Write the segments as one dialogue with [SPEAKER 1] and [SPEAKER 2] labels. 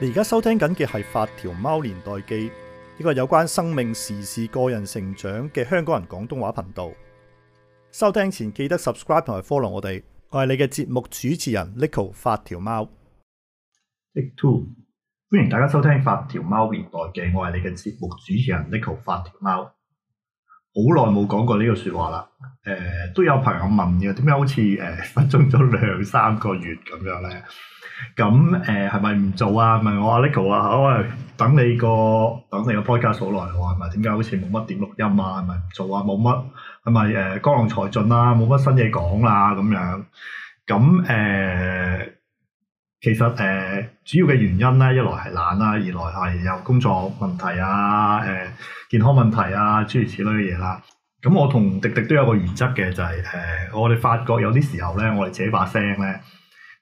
[SPEAKER 1] 你而家收聽緊嘅係《發條貓年代記》，一個有關生命時事、個人成長嘅香港人廣東話頻道。收聽前記得 subscribe 同埋 follow 我哋，我係你嘅節目主持人 Neko 發條貓。t 歡迎大家收聽《發條貓年代記》，我係你嘅節目主持人 Neko 發條貓。好耐冇講過呢個說話啦，誒、呃，都有朋友問嘅，點解好似誒失蹤咗兩三個月咁樣咧？咁誒係咪唔做啊？問我阿 Neko 啊，喂，等你個等你個 Podcast 好耐，係咪？點解好似冇乜點錄音啊？係咪唔做啊？冇乜係咪誒，江郎才盡啦，冇乜新嘢講啦咁樣？咁誒。呃其實誒、呃，主要嘅原因咧，一來係懶啦，二來係有工作問題啊，誒、呃，健康問題啊，諸如此類嘅嘢啦。咁我同迪迪都有個原則嘅，就係、是、誒、呃，我哋發覺有啲時候咧，我哋自己把聲咧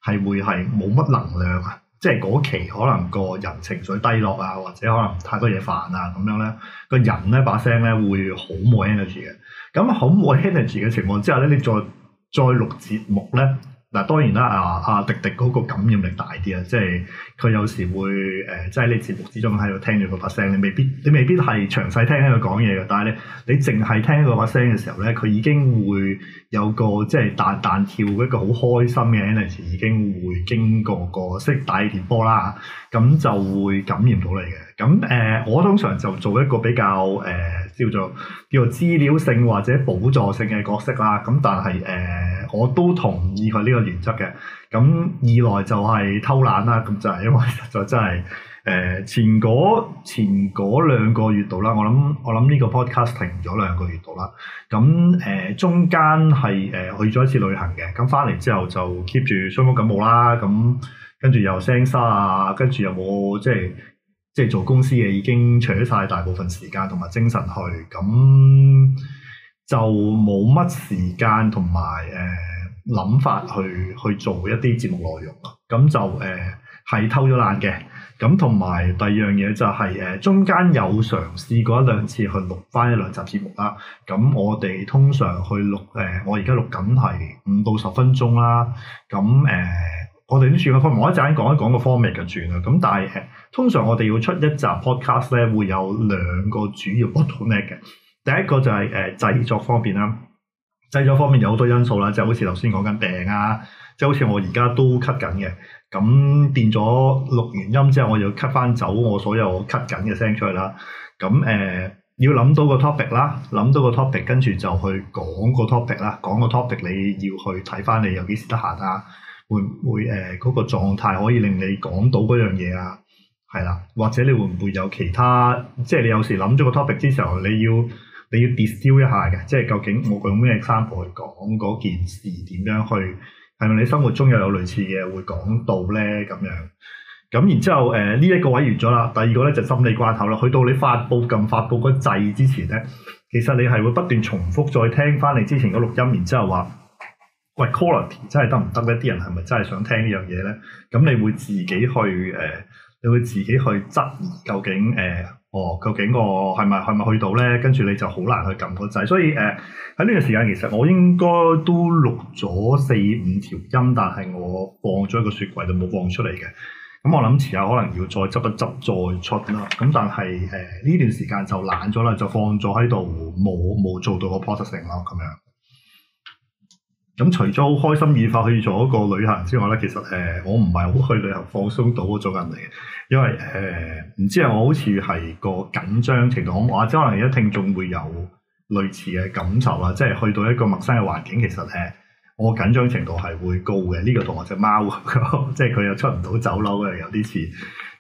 [SPEAKER 1] 係會係冇乜能量啊，即係嗰期可能個人情緒低落啊，或者可能太多嘢煩啊，咁樣咧，個人咧把聲咧會好冇 energy 嘅。咁好冇 energy 嘅情況之下咧，你再再錄節目咧？嗱當然啦，阿、啊、阿迪迪嗰個感染力大啲啊，即係佢有時會誒、呃，即係你節目之中喺度聽住個把聲，你未必你未必係詳細聽佢講嘢嘅，但係咧你淨係聽佢把聲嘅時候咧，佢已經會有個即係彈彈跳一個好開心嘅眼神，已經會經過個識大電波啦，咁就會感染到你嘅。咁誒、呃，我通常就做一個比較誒、呃，叫做叫做資料性或者補助性嘅角色啦。咁但係誒、呃我都同意佢呢個原則嘅。咁二來就係偷懶啦。咁就係因為實在真係誒、呃、前嗰前嗰兩個月度啦。我諗我諗呢個 podcast 停咗兩個月度啦。咁誒、呃、中間係誒、呃、去咗一次旅行嘅。咁翻嚟之後就 keep 住傷風感冒啦。咁跟住又聲沙啊。跟住又冇即係即係做公司嘅，已經除咗曬大部分時間同埋精神去咁。就冇乜時間同埋誒諗法去去做一啲節目內容，咁就誒係、呃、偷咗懶嘅。咁同埋第二樣嘢就係、是、誒中間有嘗試過一兩次去錄返一兩集節目啦。咁我哋通常去錄誒、呃，我而家錄緊係五到十分鐘啦。咁誒、呃，我哋都轉個方，我一陣間講一講個 format 嘅轉啊。咁但係、呃、通常我哋要出一集 podcast 咧，會有兩個主要 topic 嘅。第一個就係誒製作方面啦，製作方面有好多因素啦，就好似頭先講緊病啊，即係好似我而家都咳緊嘅，咁變咗錄完音之後，我就要 cut 返走我所有我咳緊嘅聲出去啦。咁誒、呃、要諗到個 topic 啦，諗到個 topic，跟住就去講個 topic 啦，講個 topic 你要去睇翻你有幾時得閒啊，會唔會誒嗰、呃那個狀態可以令你講到嗰樣嘢啊？係啦，或者你會唔會有其他？即係你有時諗咗個 topic 之後，你要。你要跌銷一下嘅，即係究竟我用咩 sample 去講嗰件事，點樣去？係咪你生活中又有類似嘅會講到咧咁樣？咁然之後，誒呢一個位完咗啦，第二個咧就心理關口啦。去到你發佈撳發佈個掣之前咧，其實你係會不斷重複再聽翻你之前嗰錄音，然之後話，喂，quality 真係得唔得咧？啲人係咪真係想聽呢樣嘢咧？咁你會自己去誒、呃，你會自己去質疑究竟誒，呃哦，究竟個係咪係咪去到咧？跟住你就好難去撳個掣，所以誒喺呢段時間，其實我應該都錄咗四五條音，但係我放咗喺個雪櫃度冇放出嚟嘅。咁、嗯、我諗遲下可能要再執一執再出啦。咁但係誒呢段時間就懶咗啦，就放咗喺度，冇冇做到個 processing 啦，咁樣。咁除咗好開心愉快去咗個旅行之外咧，其實誒、呃、我唔係好去旅行放鬆到嗰種人嚟嘅，因為誒唔、呃、知啊，我好似係個緊張程度，或者可能有啲聽眾會有類似嘅感受啦，即係去到一個陌生嘅環境，其實誒、呃、我緊張程度係會高嘅。呢、這個同我隻貓 即係佢又出唔到酒樓，嘅，有啲似。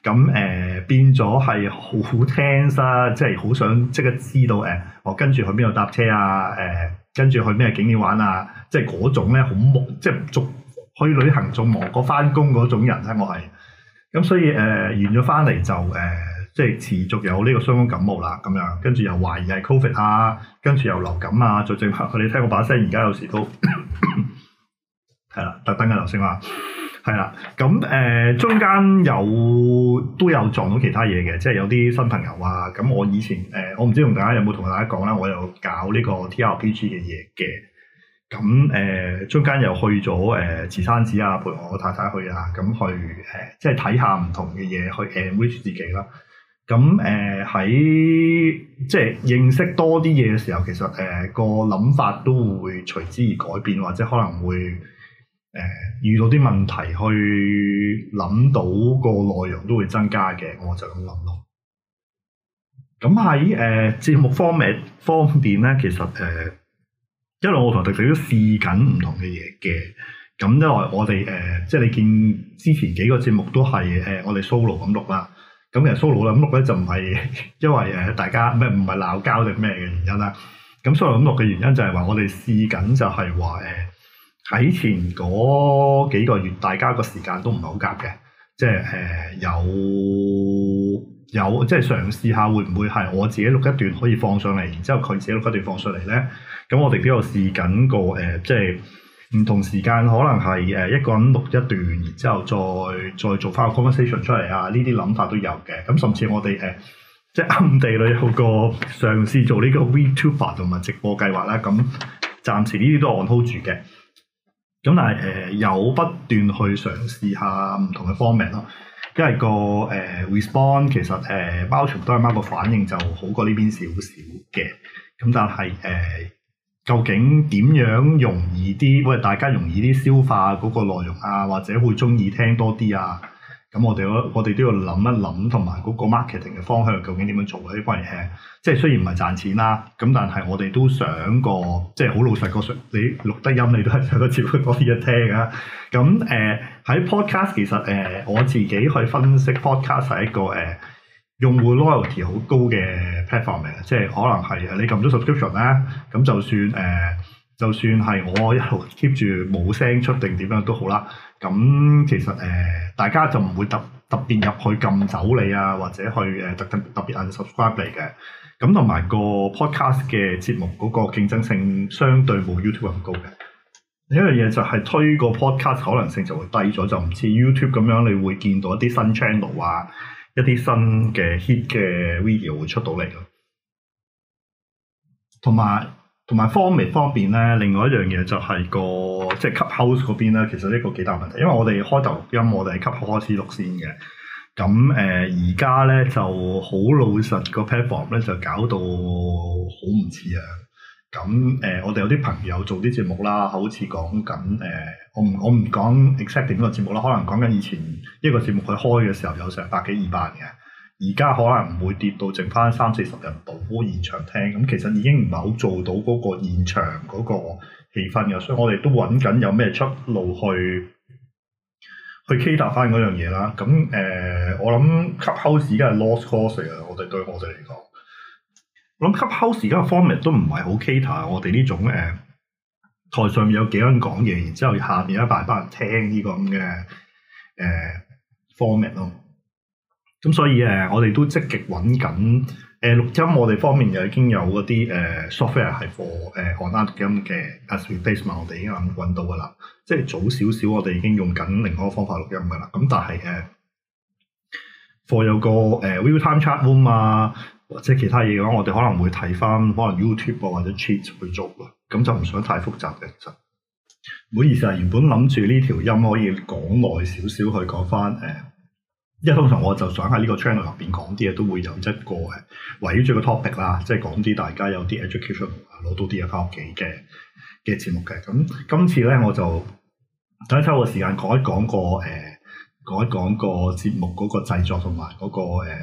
[SPEAKER 1] 咁誒、呃、變咗係好 tense 啦，即係好想即刻知道誒、呃、我跟住去邊度搭車啊誒！呃跟住去咩景點玩啊？即係嗰種咧，好忙，即係仲去旅行仲忙過翻工嗰種人咧，我係。咁所以誒，完咗翻嚟就誒、呃，即係持續有呢個傷風感冒啦，咁樣跟住又懷疑係 Covid 啊，跟住又流感啊，最最怕你聽我把聲，而家有時都係啦， 特登嘅劉生啊！係啦，咁誒、呃、中間有都有撞到其他嘢嘅，即係有啲新朋友啊。咁我以前誒、呃，我唔知同大家有冇同大家講啦。我有搞呢個 T R P G 嘅嘢嘅。咁誒、呃、中間又去咗誒慈山寺啊，陪我，我太太去啊。咁去誒、呃，即係睇下唔同嘅嘢，去 enrich 自己啦。咁誒喺即係認識多啲嘢嘅時候，其實誒、呃個諗法都會隨之而改變，或者可能會。誒、呃，遇到啲問題，去諗到個內容都會增加嘅，我就咁諗咯。咁喺誒節目方面，方面咧，其實誒一路我同迪迪都試緊唔同嘅嘢嘅。咁因為我哋誒、呃，即係你見之前幾個節目都係誒、呃、我哋 solo 咁錄啦。咁其實 solo 啦，咁錄咧就唔係因為誒大家唔係唔係鬧交定咩嘅原因啦。咁 solo 咁錄嘅原因就係話我哋試緊就係話誒。呃喺前嗰幾個月，大家個時間都唔係好夾嘅，即係誒、呃、有有即係嘗試下會唔會係我自己錄一段可以放上嚟，然之後佢自己錄一段放上嚟咧。咁我哋都有試緊個誒、呃，即係唔同時間可能係誒一個人錄一段，然之後再再做翻個 conversation 出嚟啊。呢啲諗法都有嘅。咁甚至我哋誒、呃、即係暗地裏有個嘗試做呢個 VTuber 同埋直播計劃啦。咁暫時呢啲都 on hold 住嘅。咁但係誒，有、呃、不斷去嘗試下唔同嘅方面咯，因為、那個誒、呃、response 其實誒，包、呃、全部都係貓個反應就好過呢邊少少嘅。咁但係誒、呃，究竟點樣容易啲？喂，大家容易啲消化嗰個內容啊，或者會中意聽多啲啊？咁我哋我哋都要諗一諗，同埋嗰個 marketing 嘅方向究竟點樣做呢啲關係 h 即係雖然唔係賺錢啦，咁但係我哋都想過，即係好老實個，你錄低音你都係想得接多啲人聽噶。咁誒喺、呃、podcast，其實誒、呃、我自己去分析 podcast 係一個誒、呃、用戶 loyalty 好高嘅 platform 嚟嘅，即係可能係你撳咗 subscription 啦、啊，咁就算誒。呃就算係我一路 keep 住冇聲出定點樣都好啦，咁其實誒、呃、大家就唔會特特別入去撳走你啊，或者去誒、呃、特特特別 unsubscribe 嚟嘅。咁同埋個 podcast 嘅節目嗰個競爭性相對冇 YouTube 咁高嘅。呢樣嘢就係推個 podcast 可能性就會低咗，就唔似 YouTube 咁樣，你會見到一啲新 channel 啊，一啲新嘅 hit 嘅 video 會出到嚟咯。同埋。同埋方便方便咧，另外一樣嘢就係個即係 Clubhouse 嗰邊咧，其實呢個幾大問題，因為我哋開頭錄音，我哋係 Clubhouse 開始錄先嘅。咁誒而家咧就好老實，那個 platform 咧就搞到好唔似啊。咁誒、呃，我哋有啲朋友做啲節目啦，好似講緊誒，我唔我唔講 accepting 個節目啦，可能講緊以前一個節目佢開嘅時候有成百幾二百人嘅。而家可能唔會跌到剩翻三四十人到現場聽，咁其實已經唔係好做到嗰個現場嗰個氣氛嘅，所以我哋都揾緊有咩出路去去 cater 翻嗰樣嘢啦。咁誒、呃，我諗 Clubhouse 而家係 lost cause 啊。我哋對我哋嚟講，我諗 Clubhouse 而家嘅 format 都唔係好 cater 我哋呢種誒、呃、台上面有幾個人講嘢，然之後下邊一大班人聽呢個咁嘅誒 format 咯。呃 form 咁所以誒，呃、錄，我哋都積極搵緊誒錄音。我哋方面又已經有嗰啲誒 software 係 for 誒 online 錄音嘅 aspect 嘛，as 我哋已經諗到噶啦。即係早少少，我哋已經用緊另外個方法錄音噶啦。咁但係誒、呃、for 有個誒 view time chat room 啊，或者其他嘢嘅話，我哋可能會睇翻可能 YouTube 啊或者 Twitch 去做咯。咁就唔想太複雜嘅，就唔好意思啊。原本諗住呢條音可以講耐少少去講翻誒。呃因為通常我就想喺呢個 channel 入邊講啲嘢，都會有一個誒圍繞住個 topic 啦，即係講啲大家有啲 education 攞到啲嘢翻屋企嘅嘅節目嘅。咁今次咧，我就等一抽個時間講一講、呃那個誒，講一講個節目嗰個製作同埋嗰個誒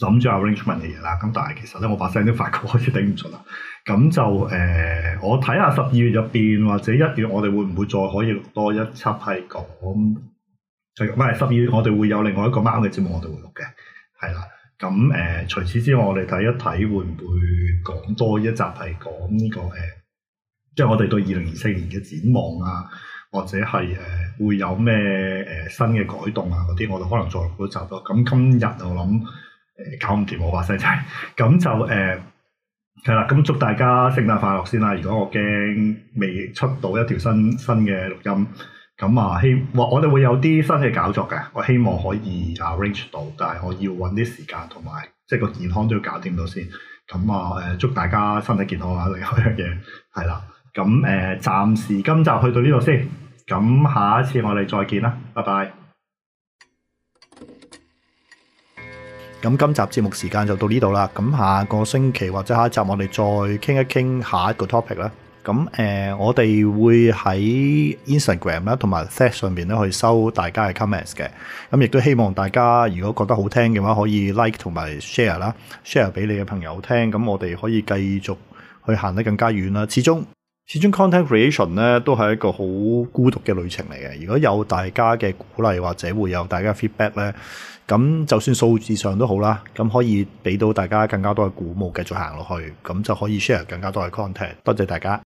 [SPEAKER 1] 諗住 arrangement 嘅嘢啦。咁但係其實咧，我把聲都發覺開始頂唔順啦。咁就誒、呃，我睇下十二月入邊或者一月，我哋會唔會再可以多一輯係講？係十二月，我哋會有另外一個貓嘅節目，我哋會錄嘅，係啦。咁誒、呃，除此之外，我哋睇一睇會唔會講多一集係講呢、這個誒、呃，即係我哋對二零二四年嘅展望啊，或者係誒、呃、會有咩誒、呃、新嘅改動啊嗰啲，我哋可能再錄一集咯。咁今日我諗誒、呃、搞唔掂、啊，我話聲就係咁就誒係啦。咁、呃、祝大家聖誕快樂先啦。如果我驚未出到一條新新嘅錄音。咁啊，希，我我哋會有啲新嘅搞作嘅，我希望可以 arrange 到，但係我要揾啲時間同埋，即係個健康都要搞掂到先。咁啊，誒，祝大家身體健康啊，另一樣嘢係啦。咁誒、啊，暫時今集去到呢度先。咁下一次我哋再見啦，拜拜。咁今集節目時間就到呢度啦。咁下個星期或者下一集我哋再傾一傾下一個 topic 啦。咁誒、呃、我哋會喺 Instagram 啦，同埋 Threads 上面咧去收大家嘅 comments 嘅。咁亦都希望大家如果覺得好聽嘅話可以 like 同埋 share 啦，share 俾你嘅朋友聽，咁我哋可以繼續去行得更加遠啦。始終始終 content creation 咧都係一個好孤獨嘅旅程嚟嘅。如果有大家嘅鼓勵或者會有大家 feedback 咧，咁就算數字上都好啦，咁可以俾到大家更加多嘅鼓舞，繼續行落去，咁就可以 share 更加多嘅 content。多謝大家。